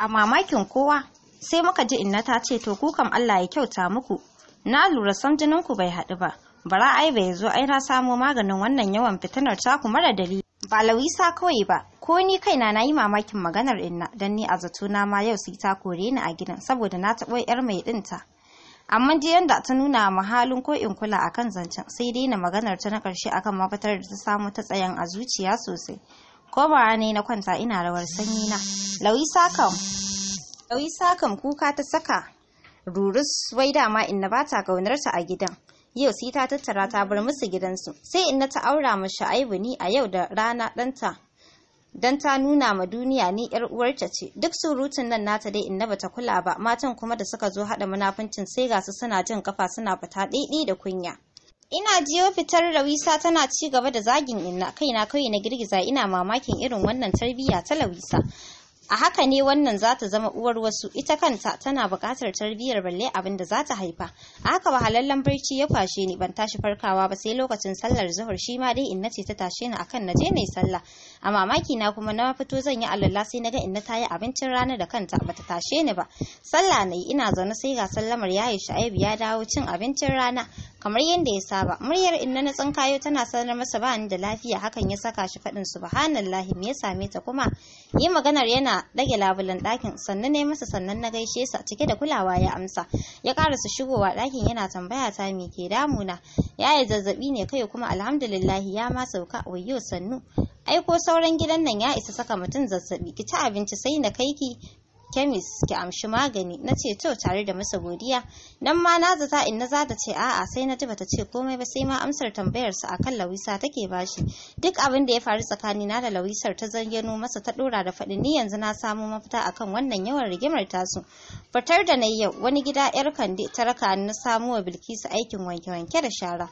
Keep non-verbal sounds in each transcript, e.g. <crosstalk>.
a mamakin kowa sai muka ji inna ta ce to kukan Allah ya kyauta muku na lura san bai haɗu ba bara ai bai zo ai na samo maganin wannan yawan fitinar taku mara dalili ba lawisa kawai ba ko ni kaina na yi mamakin maganar inna don ni a zato na ma yau sai ta kore ni a gidan saboda na taɓo yar mai ɗinta amma jiyan da ta nuna mahalin ko in kula akan zancen sai dai na maganar ta na ƙarshe akan mafitar da ta samu ta tsayan a zuciya sosai ba ne na kwanta ina rawar sanyi na lauisa kam kuka ta saka rurus wai dama inna ba ta ta a gidan yau sai ta tattara ta bar musu gidansu sai inna ta aura ma sha'aibu ni a yau da rana ɗanta dan ta nuna ma duniya ni yar uwarta ce duk surutun nan nata dai inna bata kula ba matan kuma da suka zo hada munafincin sai ga su suna jin kafa suna fita daidai da kunya Ina jiyo fitar Rawisa tana ci gaba da zagin inna kaina kai na girgiza ina mamakin irin wannan tarbiyya ta Rawisa. A haka ne wannan za ta zama uwar wasu ita kanta tana buƙatar tarbiyyar balle abin da za ta haifa. A haka wahalallen barci ya kwashe ni ban tashi farkawa ba sai lokacin sallar zuhur shi ma dai inna ce ta tashe ni akan na je na sallah. A mamaki na kuma na fito zan yi alalla sai naga inna ta yi abincin rana da kanta ba ta tashe ni ba. Sallah ne ina zaune sai ga sallamar yayi sha'aib ya dawo cin abincin rana. kamar yadda ya saba muryar inna na tsinkayo tana sanar masa ba da lafiya hakan ya saka shi faɗin subhanallahi me ya same ta kuma yi maganar yana dage labulen ɗakin sannan ne masa sannan na gaishe sa cike da kulawa ya amsa ya karasa shigowa ɗakin yana tambaya ta me ke damuna Ya yi zazzabi ne kai kuma alhamdulillahi ya ma sauka wayo sannu Aiko sauran gidan nan ya isa saka mutum zazzabi ki ci abinci sai na kai ki kemis ki amshi magani na ce to tare da masa godiya Nan ma na zata in na zata ce a'a sai na ji bata ce komai ba sai ma amsar tambayar sa akan lawisa take bashi duk abin da ya faru tsakani na da lawisar ta zayyano masa ta dora da faɗi ni yanzu na samu mafita akan wannan yawan rigimar tasu Fatar da na yau wani gida yar kande ta raka na samu wa bilkisu aikin wanke-wanke da shara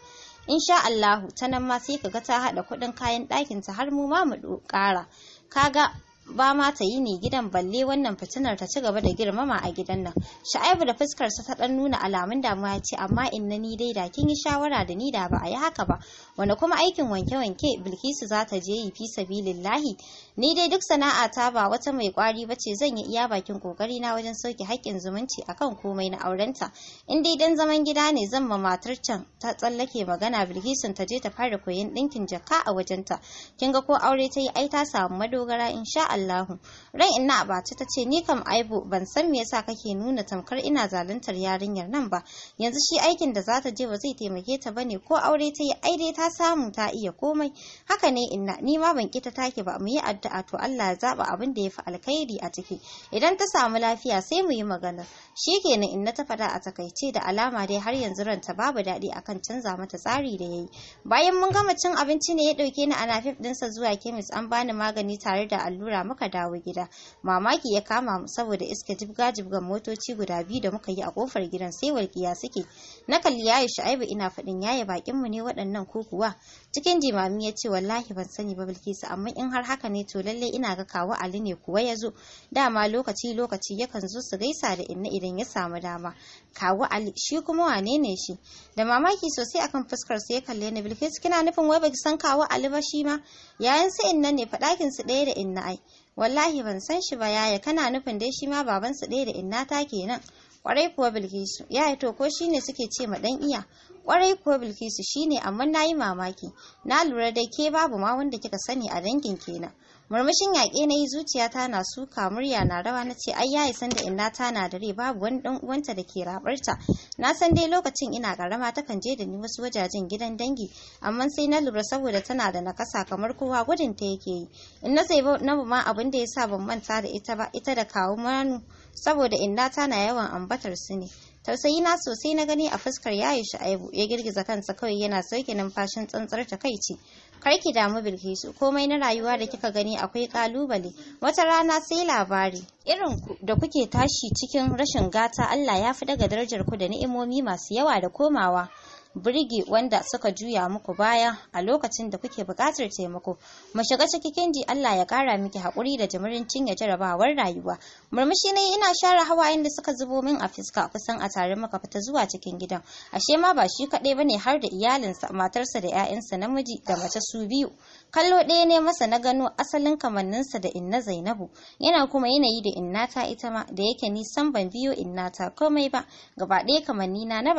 insha Allahu ta nan ma sai kaga ta hada kudin kayan ɗakin ta har mu ma mu ƙara kaga ba ma ta yi ne gidan balle wannan fitinar ta ci gaba da girmama a gidan nan sha'aibu da fuskarsa ta dan nuna alamun damuwa ce amma inna ni dai da kin yi shawara da ni da ba a yi haka ba wanda kuma aikin wanke-wanke bilkisu za ta je yi fi sabilillahi ni dai duk sana'a ta ba wata mai kwari ba ce zan yi iya bakin kokari na wajen sauke haƙƙin zumunci akan komai na aurenta in dai dan zaman gida ne zan ma matar can ta tsallake magana bilkisun ta je ta fara koyon ɗinkin jaka a wajenta kin ga ko aure ta yi ai ta samu madogara insha Allahu. Ran inna abace ta ce ni kam aibu ban san me yasa kake nuna tamkar ina zaluntar yarinyar nan ba. Yanzu shi aikin da za ta je ba zai taimake ta bane ko aure ta yi ai dai ta samu ta iya komai. Haka ne inna ni ma ban ta take ba mu yi addu'a to Allah ya zaba abin da ya fi alkhairi a ciki. Idan ta samu lafiya sai mu yi magana. Shikenan inna ta fada a takaice da alama dai har yanzu ran ta babu daɗi akan canza mata tsari da yayi. Bayan mun gama cin abinci ne ya ɗauke ni a nafif ɗinsa zuwa kemis an bani magani tare da allura muka dawo gida mamaki ya kama mu saboda iska jibga jibgan motoci guda biyu da muka yi a kofar gidan sai walƙiya suke na kalli yayi shu'aibu ina faɗin yaye bakin mu ne waɗannan ko kuwa cikin jimami ya ce wallahi ban sani ba bilkisu amma in har haka ne to lallai ina ga kawo ali ne kuwa ya zo dama lokaci lokaci yakan zo su gaisa da inna idan ya samu dama kawu Ali shi kuma wane ne shi da mamaki sosai akan fuskar su ya kalle ni Bilkis kina nufin wai baki san kawu Ali ba shi ma yayin su inna ne fadakin su ɗaya da inna ai wallahi ban san shi ba yaya kana nufin dai shi ma baban su ɗaya da inna ta kenan kwarai kuwa Bilkisu yaya to ko shine suke ce ma dan iya kwarai kuwa Bilkisu shine amma nayi mamaki na lura dai ke babu ma wanda kika sani a dangin kenan murmushin yaƙe na yi zuciyata na suka murya na rawa na ce ai yayi san da inna ta na rai babu wani dan uwanta da ke rabarta na san dai lokacin ina karama takan je da ni wasu wajajen gidan dangi amma sai na lura saboda tana da nakasa kamar kowa gudun ta yake yi in na sai na ma abin da yasa ban manta da ita ba ita da kawo manu saboda inna ta na yawan ambatar su ne tausayi na sosai na gani a fuskar yayi aibu ya girgiza kansa kawai yana sauke numfashin tsantsar takaici Kar ki damu Bilkisu, komai na rayuwa da kika gani akwai kalubale. Wata rana sai labari. Irin da kuke tashi cikin rashin gata Allah ya fi daga darajar ku da ni'imomi masu yawa da komawa. birge wanda suka juya muku baya a lokacin da kuke buƙatar taimako mu shiga cikin kindi Allah ya kara miki haƙuri da jimirin ya jarabawar rayuwa murmushi ne ina share hawayen da suka zubo min a fiska kusan a tare muka fita zuwa cikin gidan ashe ma ba shi kaɗai bane har da iyalinsa matarsa da 'ya'yansa namiji da mace su biyu kallo ɗaya ne masa na gano asalin kamanninsa da inna zainabu yana kuma yanayi da inna ta ita ma da yake nisan ban biyo ta komai ba gaba ɗaya kamannina na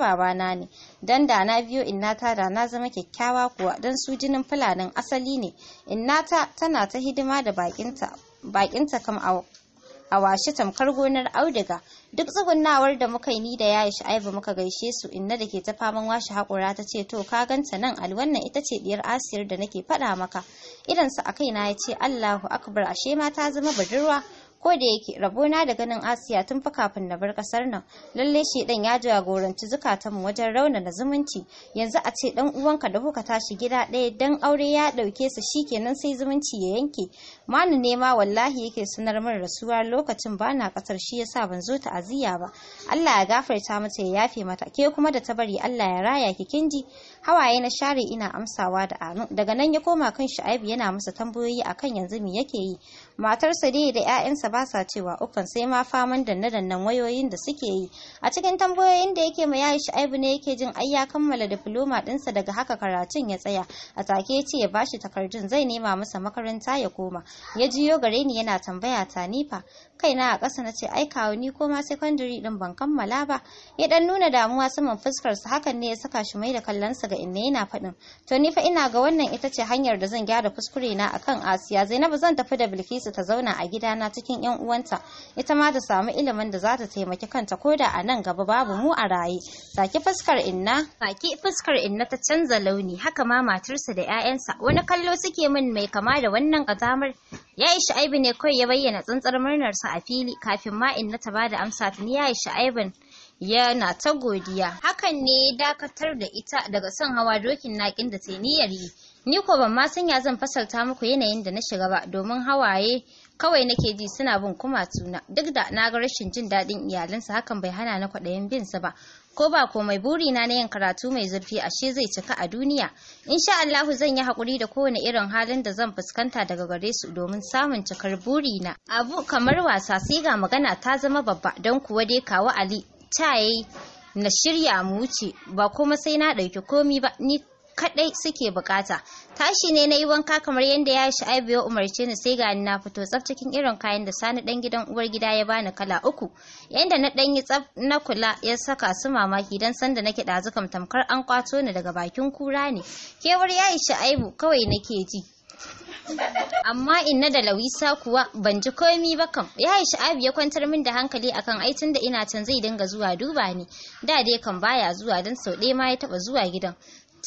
babana na ne dan da na biyo innata da na zama kyakkyawa kuwa dan su jinin fulanin asali ne innata tana ta hidima da bakinta bakinta kam a a washe tamkar gonar auduga duk tsugunnawar da muka yi ni da ya yayi sha'ibu muka gaishe su inna da ke ta faman washe haƙura ta ce to ka ganta nan alwannan ita ce diyar asiyar da nake faɗa maka idan su a kaina ya ce Allahu akbar ashe ma ta zama budurwa ko da yake rabona da ganin asiya tun fa kafin na bar kasar nan lalle shi dan ya jagoranci mu wajen rauna na zumunci yanzu a ce dan uwanka da kuka tashi gida ɗaya dan aure ya ɗauke sa shikenan sai zumunci ya yanke manu nema wallahi yake sanar min rasuwa lokacin bana kasar shi yasa ban zo ta ta'aziyya ba Allah ya gafarta mata ya yafe mata ke kuma da ta bari Allah ya raya ki kinji hawaye na share ina amsawa da anu daga nan ya koma kan Shu'aibu yana masa tambayoyi akan yanzu me yake yi matarsa dai da 'ya'yansa ba sa cewa ukan sai ma faman danne dannan wayoyin da suke yi a cikin tambayoyin da yake ma yayi shaibu ne yake jin ai ya kammala diploma dinsa daga haka karatun ya tsaya a take ya ce ya bashi takardun zai nema masa makaranta ya koma ya jiyo gare ni yana tambaya ta nifa na a ƙasa na ce ai kawo ni ko ma secondary din ban kammala ba ya dan nuna damuwa saman fuskarsa hakan ne ya saka shi mai da kallonsa ga inna yana faɗin to ni fa ina ga wannan ita ce hanyar da zan gyara kuskure na akan Asiya Zainabu zan tafi da Bilkisu ta zauna a gidana cikin 'yan uwanta ita ma ta samu ilimin da za ta taimaki kanta ko da a nan gaba babu mu a raye saki fuskar inna saki fuskar inna ta canza launi haka ma matarsa da 'ya'yansa wani kallo suke min mai kama da wannan kazamar ya yi ne kawai ya bayyana tsantsar murnarsa a fili kafin ma inna ta bada amsa tuni ya yi aibin yana ta godiya hakan ne dakatar da ita daga son hawa dokin naƙin da ta niyyar yi ni ko ban ma sanya zan fasalta muku yanayin da na shiga ba domin hawaye kawai nake ji suna bin kuma kumatuna duk da na ga rashin jin daɗin iyalansa hakan bai hana na kwaɗayin bin sa ba ko ba ko mai buri na yin karatu mai zurfi ashe zai cika a duniya insha Allahu zan yi hakuri da kowane irin halin da zan fuskanta daga gare su domin samun cikar buri na abu kamar wasa sai ga magana ta zama babba don kuwa dai kawo Ali ta yayi na shirya mu wuce ba kuma sai na ɗauki komi ba ni kaɗai suke bukata. Tashi ne na yi wanka kamar yadda ya sha'aibu ya umarce ni sai gani na fito tsaf cikin irin kayan da sani dan gidan uwar gida ya bani kala uku. Yadda na ɗan yi tsaf na kula ya saka su mamaki don sanda nake ɗazu kam tamkar an kwato ni daga bakin kura ne. Kewar ya yi aibu kawai nake ji. amma inna da lawisa kuwa ban ji komi ba kam ya yi sha'abi ya kwantar min da hankali akan ai tun da ina can zai dinga zuwa duba ni da dai kan baya zuwa don sau ɗaya ma ya taɓa zuwa gidan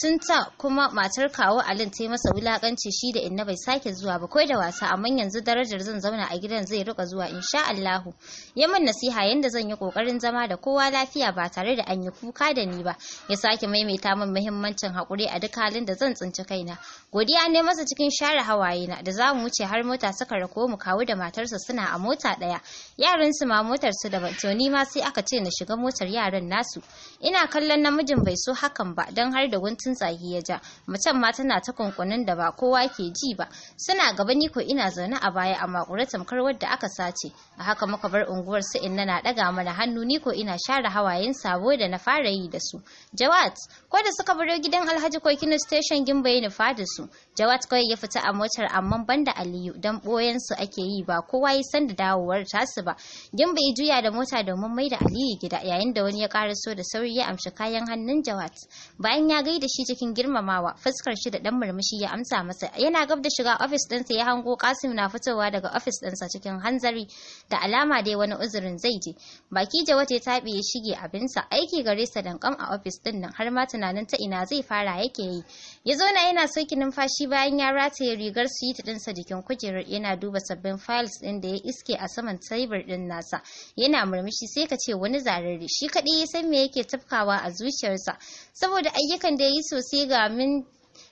tun ta kuma matar kawo alin ta yi masa wulakanci shi da inna bai sake zuwa ba kai da wasa amma yanzu darajar zan zauna a gidan zai rika zuwa insha Allahu ya min nasiha yanda zan yi kokarin zama da kowa lafiya ba tare da an yi kuka da ni ba ya sake maimaita min muhimmancin hakuri a duk halin da zan tsinci kaina godiya ne masa cikin share hawaye na da zamu wuce har mota suka rako mu kawo da matarsa suna a mota daya yaran su ma motar su da to ni ma sai aka ce na shiga motar yaran nasu ina kallon namijin bai so hakan ba dan har da guntun tsaki ya ja macen ma tana ta kunkunin da ba kowa ke ji ba suna gaba ni ko ina zaune a baya a makure tamkar wadda aka sace a haka muka bar unguwar su inna na daga mana hannu ni ko ina share hawayen sabo da na fara yi da su jawat ko da suka biro gidan alhaji ko kino station gimba ya nufa da su jawat kawai ya fita a motar amma banda aliyu dan boyen su ake yi ba kowa ya san da dawowar ta su ba gimba ya juya da mota domin mai da aliyu gida yayin da wani ya karaso da sauri ya amshi kayan hannun jawat bayan ya gaida shi cikin girmamawa fuskar shi da dan murmushi ya amsa masa yana gab da shiga ofis ɗinsa ya hango Kasim na fitowa daga ofis ɗinsa cikin hanzari da alama dai wani uzurin zai je baki Jawad ya tabe ya shige abin sa aiki gare sa kam a ofis ɗin nan har ma tunanin ta ina zai fara yake yi ya zo na yana soki numfashi bayan ya rataye rigar suite sa jikin kujerar yana duba sabbin files ɗin da ya iske a saman table ɗin nasa yana murmushi sai ka ce wani zarare shi kaɗai ya san me yake tafkawa a zuciyarsa saboda ayyukan da ya yi yi sosai ga min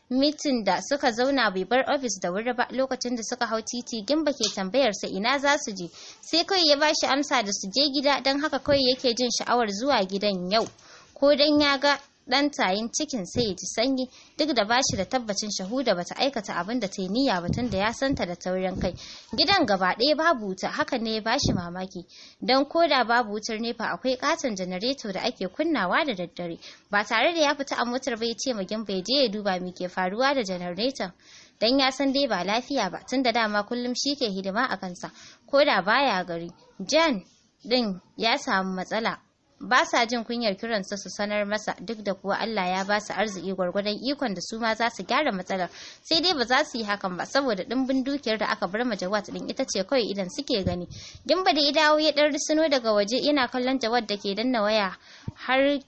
mitin da suka zauna bai bar ofis da wuri ba lokacin da suka hau titi gimba ke tambayarsa ina za su je sai kawai ya bashi amsa da su je gida don haka kawai yake jin sha'awar zuwa gidan yau ko dan ya ga dan tayin cikin sai ya ji sanyi duk da bashi da tabbacin shahuda bata aikata abin da ta yi niyya ba tunda ya santa da taurin kai gidan gaba ɗaya babu wuta haka ne ya bashi mamaki dan koda babu wutar nefa akwai katon janareto da ake kunnawa da daddare ba tare da ya fita a motar ba ya ce magin bai je ya duba me ke faruwa da janareton dan ya san dai ba lafiya ba tunda dama kullum shi ke hidima a kansa koda baya gari jan din ya samu matsala ba sa jin kunyar kiransa su sanar masa duk da kuwa Allah ya ba su arziki gwargwadon ikon da su ma za su gyara matsalar sai dai ba za su yi hakan ba saboda dimbin dukiyar da aka bar ma Jawad din ita ce kawai idan suke gani Gimba da idawo ya dan risino daga waje yana kallon Jawad da ke danna waya har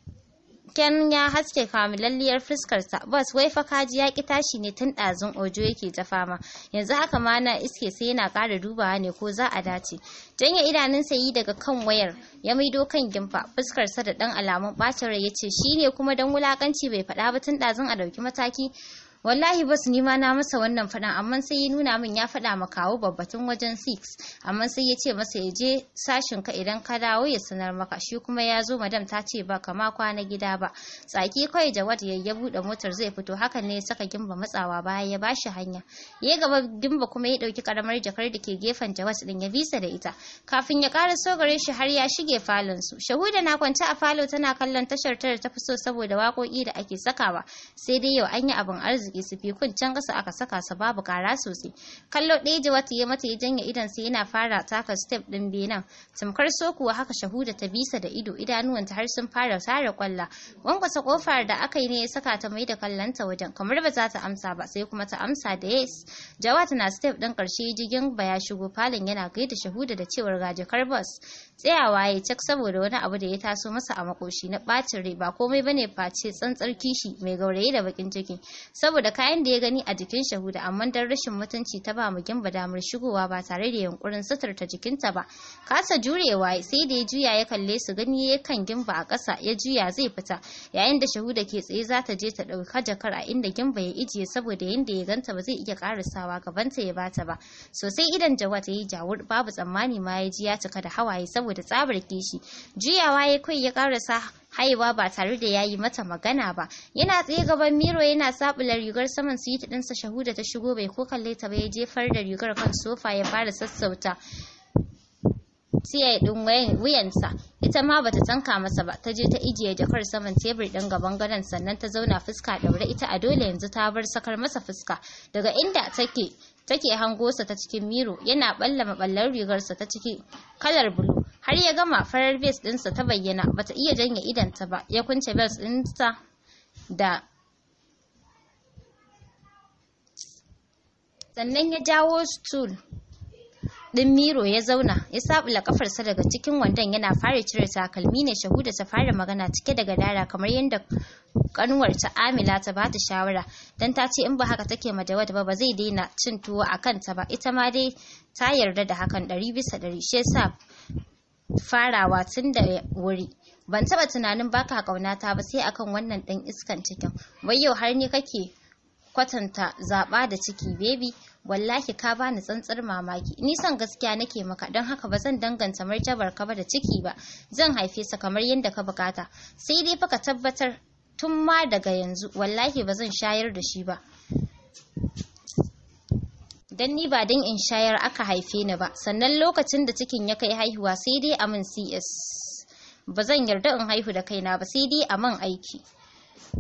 Ken ya haske familalliyar fuskarsa, bas wai fa kaji ya ki tashi ne tun ɗazun ojo yake ta fama, yanzu haka ma na iske sai yana ƙara dubawa ne ko za a dace. Janye idanunsa yi daga kan wayar, ya maido kan gimfa, fuskarsa da ɗan alamun ɓacin rai ya ce shi ne kuma don wulaƙanci bai faɗa ba tun ɗazun a ɗauki mataki. wallahi bas ni ma na masa wannan faɗan. amma sai ya nuna min ya fada ma kawo babbatun wajen 6 amma sai ya ce masa ya je sashin ka idan ka dawo ya sanar maka shi kuma ya zo madam ta ce ba kama kwana gida ba tsaki kai Jawad ya ya buɗe motar zai fito hakan ne ya saka gimba matsawa baya ya bashi hanya ya gaba gimba kuma ya ɗauki karamar jakar da ke gefen Jawad din ya bisa da ita kafin ya ƙara sogare shi har ya shige falon su shahuda na kwance a falo tana kallon tashar tare ta fi so saboda waƙoƙi da ake sakawa sai dai yau an yi abin arziki arziki su can kasa aka saka su babu kara sosai kallo ɗaya wata ya mata ya janye idan sai yana fara taka step ɗin benen tamkar so kuwa haka shahuda ta bisa da ido idanuwanta har sun fara tara kwalla wankwasa kofar da aka yi ne ya saka ta mai da kallonta wajen kamar ba za ta amsa ba sai kuma ta amsa da yes jawata na step ɗin ƙarshe jigin ba ya shigo falon yana gaida shahuda da cewar gajakar bus tsayawa ya cak saboda wani abu da ya taso masa a makoshi na bacin rai ba komai bane face tsantsar kishi mai gauraye da bakin ciki saboda kayan da ya gani a jikin shahuda amma dan rashin mutunci ta ba mu gimba damar shigowa ba tare da yunkurin suturta jikinta ba kasa jurewa sai da ya juya ya kalle su gani ya kan gimba a ƙasa ya juya zai fita yayin da shahuda ke tsaye za ta je ta ɗauka jakar a inda gimba ya ijiye saboda yinda ya ganta ba zai iya gaban gabanta ya bata ba sosai idan Jawa ta yi jawur babu tsammani ma ya ji ya cika da hawaye saboda saboda tsabar kishi juyawa ya kai ya karasa haiwa ba tare da yayi mata magana ba yana tsaye gaban miro yana sabular rigar saman suite ɗinsa shahuda ta shigo bai ko kalle ta ba ya jefar da rigar kan sofa ya fara sassauta tsaye din wuyansa ita ma bata tanka masa ba ta je ta ijiye jakar saman tebur din gaban gadon sannan ta zauna fuska daure ita a dole yanzu ta bar sakar masa fuska daga inda take take hango sa ta cikin miro yana balla maballar rigarsa ta cikin kalar bulu har ya gama farar bes dinsa ta bayyana bata iya janye idanta ba ya kunce bes dinsa da sannan ya jawo stool ɗin miro ya zauna ya sabula kafarsa daga cikin wandon yana fara cire takalmi ne shahuda ta fara magana cike daga dara kamar yadda kanuwar ta amila ta ba ta shawara don ta ce in ba haka take majawad ba ba zai daina cin tuwo a kanta ba ita ma dai ta yarda da hakan ɗari bisa ɗari shi farawa tun da wuri ban taba tunanin baka ƙaunata ba sai akan wannan ɗan iskan cikin wai yau har ni kake kwatanta zaɓa da ciki baby wallahi ka bani tsantsar mamaki ni son gaskiya nake maka don haka ba zan danganta martabar ka ba da ciki ba zan haife sa kamar yadda ka bukata sai dai fa ka tabbatar tun ma daga yanzu wallahi ba zan shayar da shi ba dan ni ba dan in shayar aka haife ni ba sannan lokacin da cikin ya kai haihuwa sai dai a min CS ba zan yarda in haihu da kaina ba sai dai a man aiki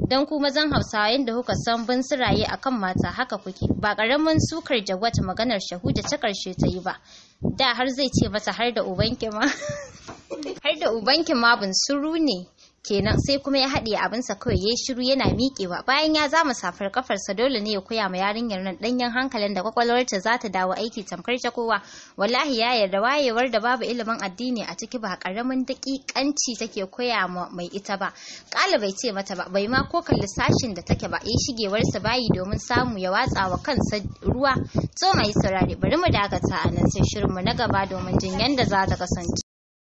dan kuma, zan Hausawa yanda kuka san bin siraye kan mata haka kuke ba karamin sukar jawwata maganar shahuda ta karshe ta yi ba da har zai ce mata har da ubanki ma <laughs> har da ubanki ma suru ne kenan sai kuma ya haɗe abinsa kawai ya shiru yana miƙewa bayan ya zama safar kafarsa dole ne ya koya ma yarinyar nan ɗanyen hankalin da kwakwalwarta za ta dawo aiki tamkar ta kowa wallahi ya yarda wayewar da babu ilimin addini a ciki ba ƙaramin daƙiƙanci take koya ma mai ita ba ƙala bai ce mata ba bai ma ko kalli sashin da take ba ya shigewarsa bayi domin samu ya watsa wa kansa ruwa to mai saurare bari mu dakata a nan sai shirinmu na gaba domin jin yadda za ta kasance